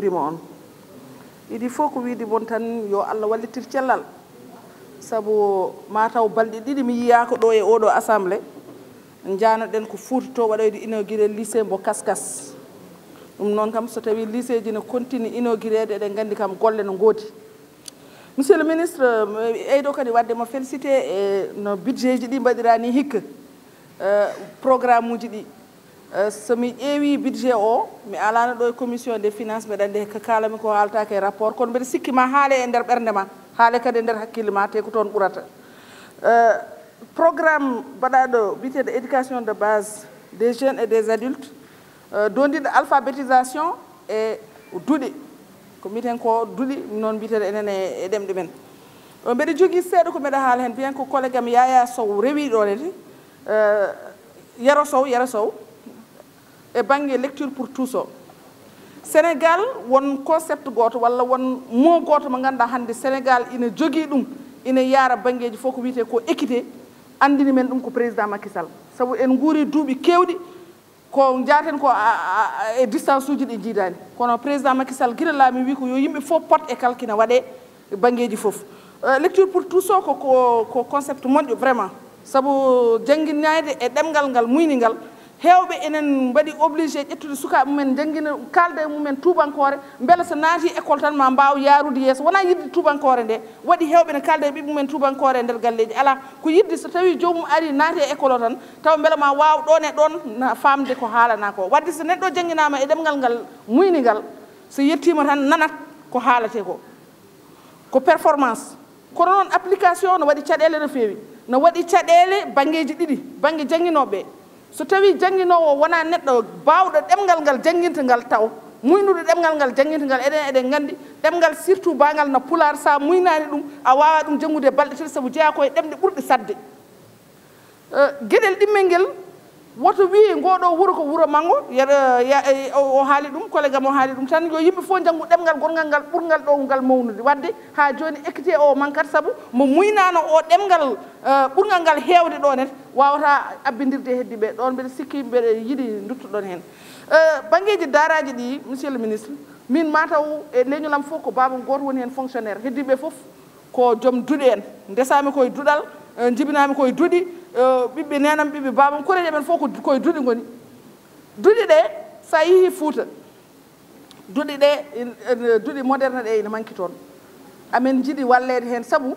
rima on idi fof ko wiide bon tan yo allah wallitir cellal sabu mataw balɗe ɗiɗi mi yiyako ɗo e oɗo assemblé jano ɗen ko fuutito waɗoyde inogiré lycée mbo kaskas ɗum noon kam so tawi lycée ji ne continue inogirede eɗen gandi kam golle no goodi monsieur le ministre eh, eyɗo kadi wadde mo félicité e no budget ji ɗi mbaɗirani hikka eh, programme uji ɗi Euh, somi ƴeewi budget o mi alano ɗo e commission des finance mbeɗa andi ko kalami ko haaltake e rapport kon mbeɗa sikki ma haale e nder ɓernde ma haale kadi e nder hakkille ma te ko toon ɓurata euh, programme bité de éducation de base des jeunes et des adultes euh, dondiɗo alphabétisation et duɗi ko mbiten ko duɗi non bité enen e, e ɗemɗe men mbeɗa jogi seeɗa ko meda haala hen bien ko collégue am yaya sow rewi ɗon ede yaro sow yaro sow e baŋnge lecture pour tous o sénégal won concept gooto walla won mot gooto mo ngannduɗaa hannde sénégal ina jogii ɗum ina yaara baŋngeeji fof ko wiyetee ko équité anndini men ɗum ko président makisal sabu en nguurii duuɓi keewɗi ko njaaten ko e distance uji ɗi njiidaani kono président makisal gila laami wii ko yo yimɓe fof pot e kalkina waɗee baŋngeeji fof euh, lecture pour tous o ko ko concept moƴƴo vraiment sabu jannginaade e ɗemngal ngal muyni ngal heewɓe enen mbaɗi obligé ƴettude sukaaɓe mumen janngina kaalda e mumen tuubankoore mbela so naatii école tan ma mbaaw yaarude yeeso wonaa yidde tuubankoore nde waɗi heewɓe ne kaalda e ɓiɓ mumen tuubankoore e ndeer galleeji alaa ko yidde so tawii joomum arii naati e école o tan tawa mbela ma waaw ɗoon e ɗoon faamde ko haalanaa koo wadde so neɗɗo jannginaama e ɗemngal ngal muynigal so yettiima tan nanat ko haaletee koo ko performance kono noon application no waɗi caɗeele no feewi no waɗi caɗeele baŋngeeji ɗiɗi baŋnge jannginooɓe ɓee so tawi jangguinowo wona neɗɗo bawɗo ɗemgal ngal jangguintangal taw muynuɗo ɗemgal ngal jangguintangal eɗen eɗen gandi ɗemgal surtout bangal no pular sa muynani ɗum a wawa ɗum jangude e balɗe tati saabu jeeya koye ɗemɗe ɓurɗe sadde eh, gueɗel ɗimmel ngel woto wi ngoɗo wuro ko wuro manggo yeɗa o haali ɗum collégue am o haali ɗum tan yo yimɓe fof janggu ɗemgal gongal ngal ɓurgal ɗo ngal mawnude wadde ha joni équité o mankat saabu mo muynano o ɗemgal ɓurgal ngal heewde ɗon en wawata abbindirde heddi ɓe ɗon mbeɗa sikki mbeɗa yiiɗi duttuɗon hen banggueji daraji ɗi monsieur le ministre min mataw e leñolam fof ko baba goto woni hen fonctionnaire heddiɓe foof ko joom duuɗi en ndesami koye duɗal jibinami koye duuɗi ɓiɓɓe nenam ɓiɓɓe babam kureɗe men fof koye duɗi ngoni duɗi ɗe sa yeehi fuuta duɗi ɗe duɗi moderne ɗe ene manki toon amin jiɗi walleede heen sabu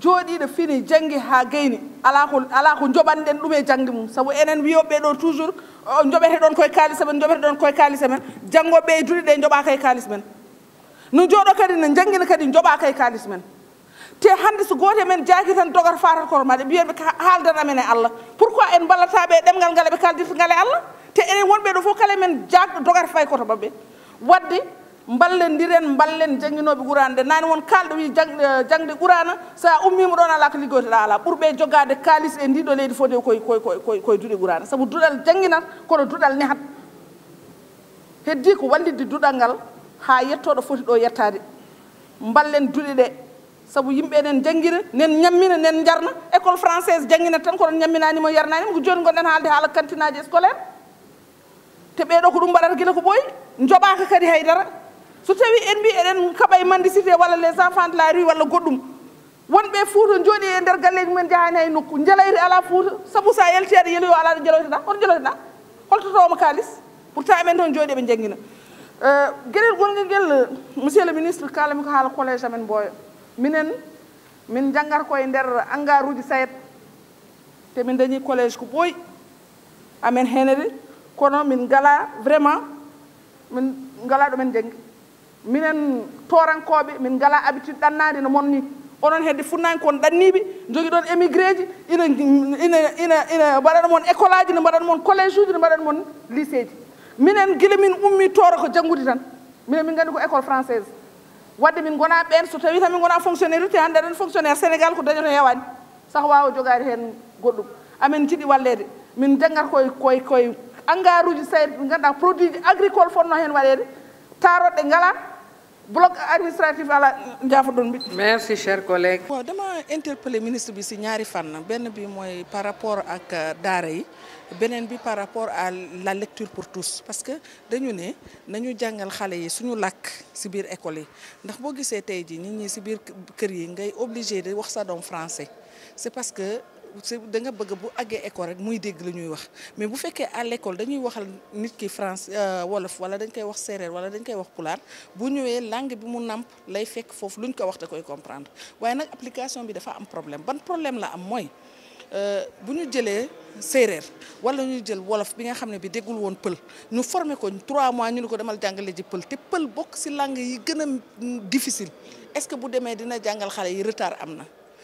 jooɗiiɗo fini jangi haa gayni alaa ko alaa ko joɓanɗen ɗum e jangde mum sabu enen wiyoɓeɓe ɗo toujours joɓete ɗon koye kaalisa men joɓete ɗon koye kaalisa men janngoɓe e duɗi ɗe joɓaaka e kaalis men no jooɗo kadi ne janngina kadi joɓaaka e kaalis men te hannde so gooto men jaaki tan dogata faatat koto maaɗe mbiyoɓe haaldan amen e allah pourquoi en ballataɓe ɗemgal ngal ɓe kaldirta ngal e allah te enen wonɓe ɗo fof kala men jaagɗo dogata fay koto maɓɓe wadde mballendiren mballen jangguinoɓe qurana ɗe nani won kalɗo wi eh, jangde qurana sa ummima ɗon ala ko liggoytoɗa ala ɓuurɓe jogade kalis e ndiɗo leydi fo de koy koy koye duuɗe qurana saabu duɗal jangguinat koto duɗal nehat heddi ko wallidde duɗal ngal ha yettoɗo foti ɗo yettade mballen duuɗe ɗe sabu yimɓe nen jangguira nen ñammina nen jarna école française jangguina tan kono ñamminanima yarnanima ko joni gonɗen haalde haala kantine aji scolaire te ɓeɗo ko ɗum mbaɗata guila ko ɓooyi joɓaka kadi haydara so tawi en mbi eɗen kaɓa e mandicité walla les enfants de la rue walla goɗɗum wonɓe fouta jooɗi e nder galleji mumen jahani hay nokku jalayri ala fouta saabu sa yalteɗe yeeli yo alaɗo jaloyteɗa hoto jaloyteɗa holtotoma kalis pourtant amen toon jooɗi ɓe jangguina euh, gueɗel gonguel guel monsieur le ministre kalami ko haala collége amen mboyo minen min jangat koye nder engare uji sayet te min dañi collége ko ɓooyi amen heenede kono min ngala vraiment min ngala ɗo men jangi minen torankoɓe min ngala habitude ɗannade no monni onon hedde funnaki kon ɗanniɓe jogui ɗon émigré ji ina ina ina ina mbaɗana moon école aji ne mbaɗana moon collége uji ne mbaɗana moon lycée ji minen guila min ummi toro ko janngude tan minen min nganndi ko école française wadde min gona ɓen so tawi tami gona fonctionnaire ute hannde ɗen fonctionnaire sénégal ko dañoto e hewani sah wawa jogade hen goɗɗum amin jiɗi wallede min jangngat koye koye koye engare uji sayd ɗi ganduɗa produit ji agricole fonno hen waɗede taroɗɗe ngalan bloc administratif à la Ndiafoudoune bi. merci chers collègues. bon dama interpellé ministre bi ci ñaari fànn benn bi mooy par rapport ak euh, daara yi beneen bi par rapport à la lecture pour tous parce que dañu ne nañu jàngal xale yi suñu làkk si biir école yi ndax boo gisee tey jii nit ñi si biir kër yi ngay obligé di wax sa doom français c'est parce que. da nga bëgg bu àggee école rek muy dégg la ñuy wax mais bu fekkee à l'école dañuy waxal nit ki France euh, wolof wala dañ koy wax séeréer wala dañ koy wax pulaar bu ñëwee langue bi mu nàmp lay fekk foofu luñ ko wax da koy comprendre waaye nag application bi dafa am problème ban problème la am mooy euh, bu ñu jëlee séeréer wala ñu jël wolof bi nga xam ne bi déggul woon pël ñu formé ko trois mois ñu ne ko demal jàngale ji pël te pël bokk si langue yi gën a difficile est-ce que bu demee dina jàngal xale yi retard am na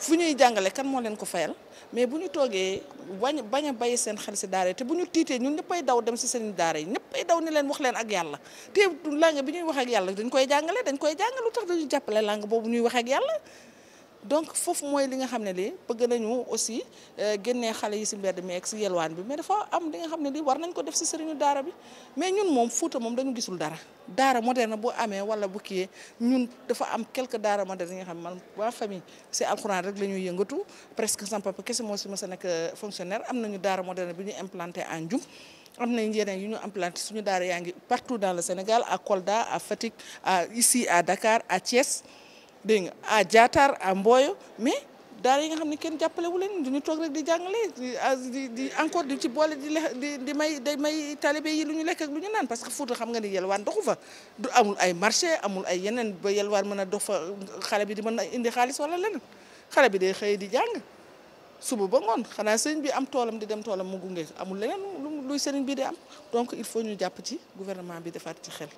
fu ñuy jàngale kan moo leen ko fayal mais bu ñu toogee bañ bañ a bàyyi seen xel si daara yi te bu ñu tiitee ñun ñëppay daw dem si seen daara yi ñëppay daw ni leen wax leen ak yàlla te langue bi ñuy wax yàlla dañ koy jàngale dañ koy jàngal lu tax dañu jàppale langue boobu ñuy wax ak yàlla donc fofu moy li nga xamné li bëgg nañu aussi euh, génnee xalé yi si mbéd mi ak si yelwaan bi mais dafa am li nga xamné li war nañ ko def ci sëriñu daara bi mais ñun moom Fuuta moom dañu gisul dara daara moderne bu amé wala bu kié ñun dafa am quelque daara moderne nga xamné man wa famille si alcorane rek la yëngatu presque sans papa kese mo si mës a nekk euh, fonctionnaire am nañu daara moderne bi ñu implanté en djum am nañ yeneen yu ñu implanté suñu daara yaangi partout dans le Sénégal à Kolda à Fatick à ici à Dakar à Thiès dégg nga à Diatar à mais daara yi nga xam ne kenn jàppale wu leen du ñu toog rek di jàngale ah, di di encore di ci boole di di may day may talibé yi lu ñu lekk ak lu ñu naan parce que Fouta xam nga ni yelwaan doxu fa du amul ay marché amul ay yeneen ba yelwaan mën a dox fa xale bi di mën a indi xaalis wala leneen xale bi day xëy di jàng suba ba ngoon xanaa sëriñ bi am toolam di dem toolam mu gunge amul leneen lu luy sëriñ bi di am donc il faut ñu jàpp ci gouvernement bi defaat ci xel.